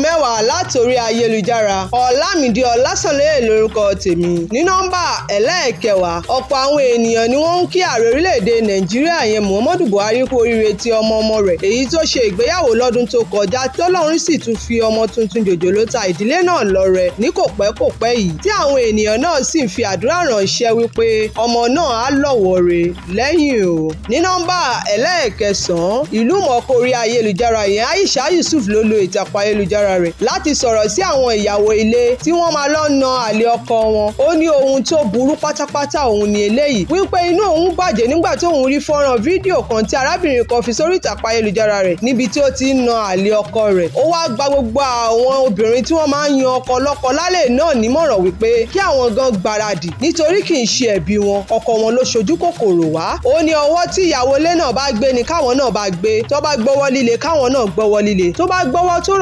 meu látòrí ayélujára ọ̀làmídé ọ̀làsànlẹ̀ lórúkọ tèmi ní nọ́mbà ẹlẹ́ẹ̀kẹwàá ọ̀pọ̀ àwọn ènìyàn ni wọ́n ń kí ààrẹ orílẹ̀-èdè nàìjíríà yẹn muhammadu buhari kú oríire ti ọmọ ọmọ rẹ̀ èyí tó ṣe ìgbéyàwó lọ́dún tó kọjá tọ́lọ́run sì tún fi ọmọ tuntun jòjòló ta ìdílé náà lọ́rẹ ní kò pẹ́ kò pẹ́ yìí tí àwọn ènìyàn náà sì ń fi àdúrà ránṣẹ́ wípé ọmọ náà á lọ́wọ́ re lẹ́yìn o ní nọ́mbà ẹlẹ́ẹ̀kẹsàn-án ìlú mọ̀kórí ayélujára yẹn aisha yusuf ló lo ìtàkùn ayélujára rẹ̀ lá láti sọ̀rọ̀ sí àwọn ìyàwó ilé tí wọ́n máa lọ na àlè ọkọ wọn ó ní ohun tó burú pátápátá òun ni eléyìí wípé inú òun bàjẹ́ nígbà tí òun rí fọ́nrán fídíò kan tí arábìnrin kan fi sórí ìtàkùn ayélujára rẹ̀ níbi tí ó ti ń na àlè ọkọ rẹ̀ ó wá gba gbogbo àwọn obìnrin tí wọ́n máa ń yan ọkọ lọ́kọ lálẹ́ náà nímọ̀ràn wípé kí àwọn gan gbáradì nítorí kì í ṣe ẹ̀bi wọn ọkọ wọn ló ṣojú kòkòrò wá ó ní ọwọ́ tí ìyàwó ilé náà bá gbé ni káwọn náà bá gbé tó bá gbọ́wọ́ líle káwọn náà gbọ́wọ́ líle tó bá gbọ́wọ́ tó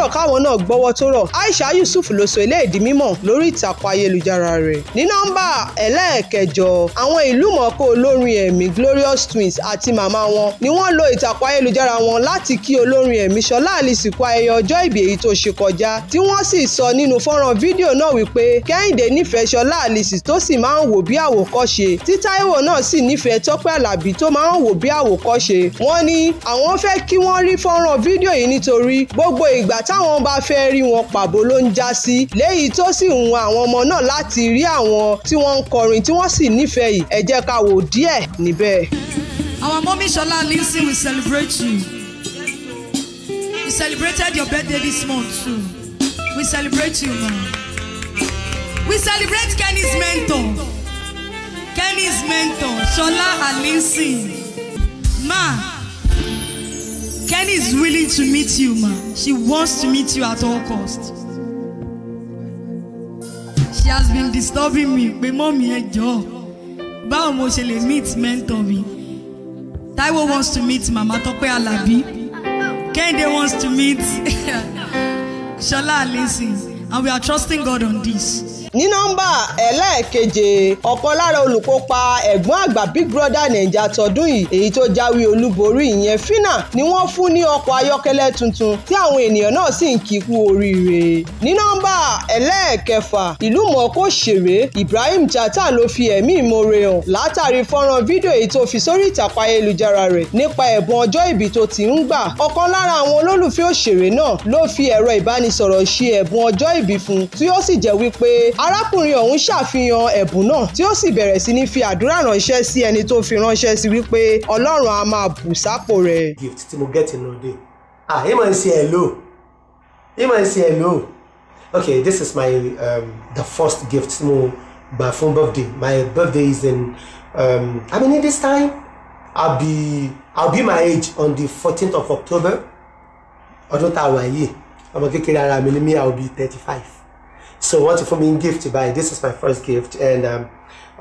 gbọ́wọ́ lọ́wọ́ tó rọ̀ Aisha Yusuf ló sọ ilé ìdí mímọ̀ lórí ìtàkùn ayélujára rẹ̀ ní nọ́mbà ẹlẹ́ẹ̀kẹjọ àwọn ìlúmọ̀ọ́ká olórin ẹ̀mí Glorious Twins àti màmá wọn ni wọ́n lo ìtàkùn ayélujára wọn láti kí olórin ẹ̀mí Ṣọlá Allyson kú ayẹyẹ ọjọ́ ìbí èyí tó ṣe kọjá tí wọ́n sì sọ nínú fọ́nrán fídíò náà wípé Kẹ́hìndé nífẹ̀ẹ́ Ṣọlá Allyson tó sì máa ń wò bí àwòkọ́ṣe tí Táíwò náà sì nífẹ̀ẹ́ Tọ́pẹ́ Àlàbí tó máa ń wò bí àwòkọ́ṣe wọ́n ní àwọn fẹ́ kí wọ́n rí fọ́nrán fídíò yìí nítorí gbogbo ìgbà táwọn bá fẹ́ rí wọn pàbó ló ń já sí léyìí tó sì ń wọn àwọn ọmọ náà láti rí àwọn tí wọ́n ń kọrin tí wọ́n sì nífẹ̀ẹ́ yìí ẹ jẹ́ ká wò díẹ̀ níbẹ̀. Our mommy Shola Lindsay will celebrate you. We celebrated your birthday this month too. We celebrate you ma. We celebrate Kenny's mentor. Kenny's mentor Shola Lindsay. Ma. Kenny is willing to meet you, ma. She wants to meet you at all costs. She has been disturbing me pé mọ́mí ẹ jọ̀ọ́ báwo mo ṣe lè meet mentor mi. Taiwo wants to meet Mama Tope Alabi. Kende wants to meet Shola Alisi. And we are trusting God on this ní nọ́mbà ẹlẹ́ẹ̀keje ọ̀kan lára olùkópa ẹ̀gbọ́n àgbà Big Brother Naija tọdún yìí èyí tó jáwé olúborí ìyẹn Fina ni wọ́n fún ní ọkọ̀ ayọ́kẹ́lẹ́ tuntun tí àwọn ènìyàn náà sì ń kí kú oríire ní nọ́mbà ẹlẹ́ẹ̀kẹfà ìlú mọ̀ọ́kọ́ ṣeré Ibrahim Chatta ló fi ẹ̀mí ìmoore hàn látàrí fọ́nrán fídíò èyí tó fi sórí ìtàkùn ayélujára rẹ̀ nípa ẹ̀bùn ọjọ́ ìbí tó ti ń gbà ọ̀kan lára àwọn olólùfẹ́ òṣèré náà ló fi ẹ̀rọ ìbánisọ̀rọ̀ ṣe ẹ̀bùn ọjọ́ ìbí fún tí ó sì jẹ́ wípé arákùnrin ọ̀hún ṣàfihàn ẹ̀bùn náà tí ó sì bẹ̀rẹ̀ sí ní fi àdúrà ránṣẹ́ sí ẹni tó fi ránṣẹ́ sí wípé ọlọ́run á máa bù sápò rẹ̀. gift tí mo get in day. ah him and say hello him and say hello okay this is my um, the first gift tí mo gbà fún birthday my birthday is in um, I mean this time I'll be I'll be my age on the fourteenth of October ọdún tá a wà yìí ọmọ kékeré ara mi ni me, I'll be thirty five. So what for me in gift to buy? This is my first gift, and um,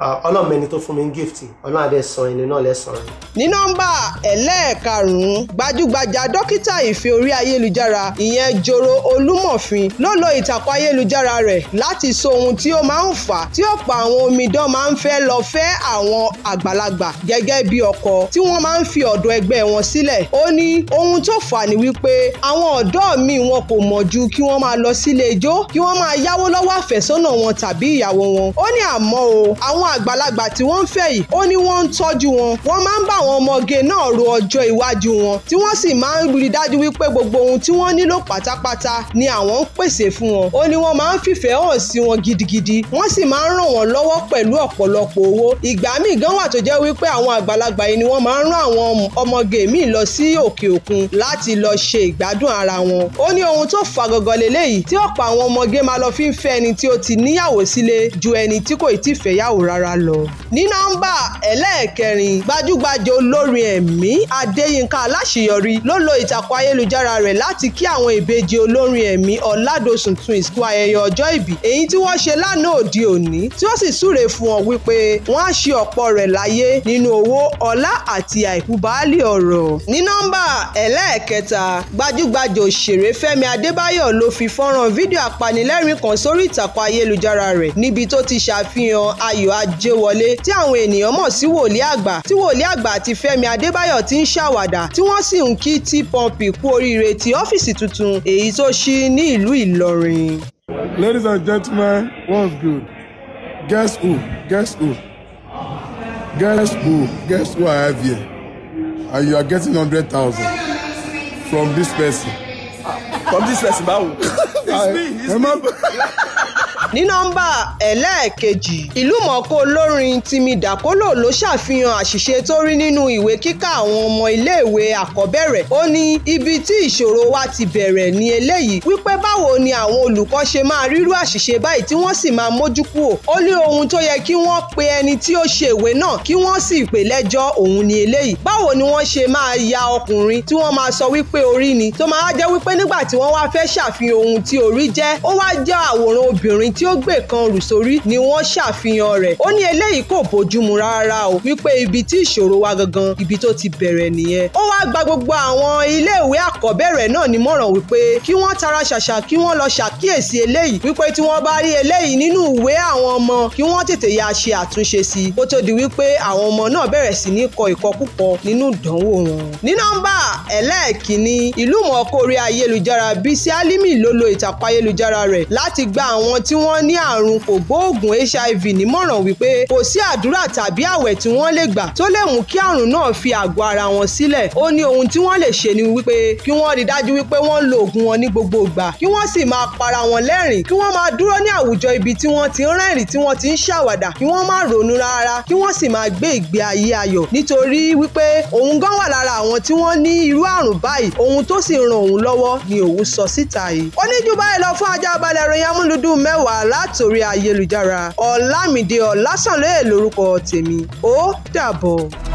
Uh, ọlọ́mẹni tó fún mi ní gift ọlọ́run adé san ẹni náà lẹ́sàn-án. ní nọ́mbà ẹlẹ́ẹ̀karùn gbajúgbajà dókítà ìfẹ́ orí ayélujára ìyẹn Joro Olúmọ̀fin ló lo ìtàkùn ayélujára rẹ̀ láti sọ ohun tí ó máa ń fà á tí ọ̀pọ̀ àwọn omidan máa ń fẹ́ lọ fẹ́ àwọn àgbàlagbà gẹ́gẹ́ bí ọkọ tí wọ́n máa ń fi ọ̀dọ̀ ẹgbẹ́ wọn sílẹ̀ ó ní ohun tó fà á ni wípé àwọn ọ̀dọ́ mi wọn kò mọ̀ ju kí wọ́n máa lọ sílé ijó kí wọ́n máa yáwó lọ́wọ́ àfẹ́sọ́nà wọn tàbí ìyàwó wọn ó ní àmọ́ o àwọn àgbàlagbà tí wọ́n ń fẹ́ yìí ó ní wọ́n ń tọ́jú wọn wọ́n máa ń bá àwọn ọmọge náà ro ọjọ́ iwájú wọn tí wọ́n sì máa ń rí dájú wípé gbogbo ohun tí wọ́n nílò pátápátá ni àwọn ń pèsè fún wọn ó ní wọ́n máa ń fìfẹ́ hàn sí wọn gidigidi wọ́n sì máa ń ràn wọ́n lọ́wọ́ pẹ̀lú ọ̀pọ̀lọpọ̀ owó ìgbà míì gan wà tó jẹ́ wípé àwọn àgbàlagbà yìí ni wọ́n máa ń rán àwọn ọmọge míì lọ sí òkè òkun láti lọ ṣe ìgbádùn ara wọn ó ní ohun tó fa gọgọ lélẹ́yìí tí ọ̀pọ̀ àwọn ọmọge máa lọ fi ń fẹ́ ẹni tí ó ti níyàwó sílé ju ẹni tí kò tí fẹ́yàwó rárá ara lọ. ní nọ́mbà ẹlẹ́ẹ̀kẹrin gbajúgbajà olórin ẹ̀mí adéyínká aláṣeyọrí ló lo ìtàkùn ayélujára rẹ̀ láti kí àwọn ìbejì olórin ẹ̀mí ọ̀làdọ̀sùn twins kú ayẹyẹ ọjọ́ ìbí èyí tí wọ́n ṣe lánàá òde òní tí ó sì súre fún ọ wípé wọ́n á ṣe ọ̀pọ̀ rẹ̀ láyé nínú owó ọlá àti àìkú baálé ọ̀rọ̀. ní nọ́mbà ẹlẹ́ẹ̀kẹta gbajúgbajà òṣèré fẹ́mi adébáyọ̀ ló fi fọ́nrán fídíò apanilẹ́rìn kan sórí ìtàkùn ayélujára rẹ̀ níbi tó ti ṣàfihàn ayọ̀ Ajéwọlé tí àwọn ènìyàn mọ̀ sí wòlíì àgbà tí wòlíì àgbà àti Fẹ́mi Adébáyọ̀ ti ń ṣàwàdà tí wọ́n sì ń kí T-Pumpy kú oríire ti ọ́fíìsì tuntun èyí tó ṣí ní ìlú Ìlọrin. Ladies and gentlemen, what's good? Guess who? Guess who? Guess who? Guess who I have here? And you are getting hundred thousand from this person. From this person, báwo? It's me, it's me. ní nọ́mbà ẹlẹ́ẹ̀kejì ìlúmọ̀ọ́ká olórin Timi Dakolo ló ṣàfihàn àṣìṣe tó rí nínú ìwé kíkà àwọn ọmọ iléèwé àkọ́bẹ̀rẹ̀ ó ní ibi tí ìṣòro wa ti bẹ̀rẹ̀ ní eléyìí wípé báwo ni àwọn olùkọ́ ṣe máa rírú àṣìṣe báyìí tí wọ́n sì máa mójú kúrò ó ní ohun tó yẹ kí wọ́n pe ẹni tí ó ṣe ìwé náà kí wọ́n sì pè lẹ́jọ́ òun ni eléyìí báwo ni wọ́n ṣe máa ya ọkùnrin tí wọ́n máa sọ wípé orí ni tó máa jẹ́ wípé nígbà tí wọ́n wá fẹ́ ṣàfihàn ohun tí orí jẹ́ ó wá jẹ́ àwòrán obìnrin t tí ó gbé kan rù sórí ni wọ́n ṣàfihàn rẹ̀ ó ní eléyìí kò bójúmu rárá o wípé ibi tí ìṣòro wa gangan ibi tó ti bẹ̀rẹ̀ nìyẹn ó wá gba gbogbo àwọn iléèwé àkọ́bẹ̀rẹ̀ náà nímọ̀ràn wípé kí wọ́n tara ṣàṣà kí wọ́n lọ ṣàkíyèsí eléyìí wípé tí wọ́n bá rí eléyìí nínú ìwé àwọn ọmọ kí wọ́n tètè ya ṣe àtúnṣe sí i kó tó di wípé àwọn ọmọ náà bẹ̀rẹ̀ sí ní kọ ìkọkúkọ nínú ìdánwò wọn. ní nọ́mbà ẹlẹ́ẹ̀kínní ìlú mọ̀ọ́kọ́ orí ayélujára Bísí Álímì ló lo ìtàkùn ayélujára rẹ̀ láti gba àwọn tí wọ́n wọ́n ní àrùn kògbóògùn hiv nímọ̀ràn wípé kò sí àdúrà tàbí àwẹ̀ tí wọ́n lè gbà tó lè mú kí àrùn náà fi àgọ́ ara wọn sílẹ̀ ó ní ohun tí wọ́n lè ṣe ni wípé kí wọ́n rí dájú wípé wọ́n ń lo oògùn wọn ní gbogbo ìgbà kí wọ́n sì máa para wọn lẹ́rìn kí wọ́n máa dúró ní àwùjọ ibi tí wọ́n ti ń rẹ́rìn tí wọ́n ti ń ṣàwàdà kí wọ́n má ronú rárá kí wọ́n sì máa gbé ìgbé ayé ayọ̀ nítorí wípé òun gan wà lára àwọn tí wọ́n ní irú àrùn báyìí ohun tó sì ràn òun lọ́wọ́ ni òun sọ síta yìí. ó ní jù báyìí lọ fún ajá balẹ̀ ìròyìn amúlùdùn mẹ́wàá látòrí ayélujára ọ̀làmídé ọ̀làsànlẹ̀ lórúkọ tèmi ó dàbọ̀.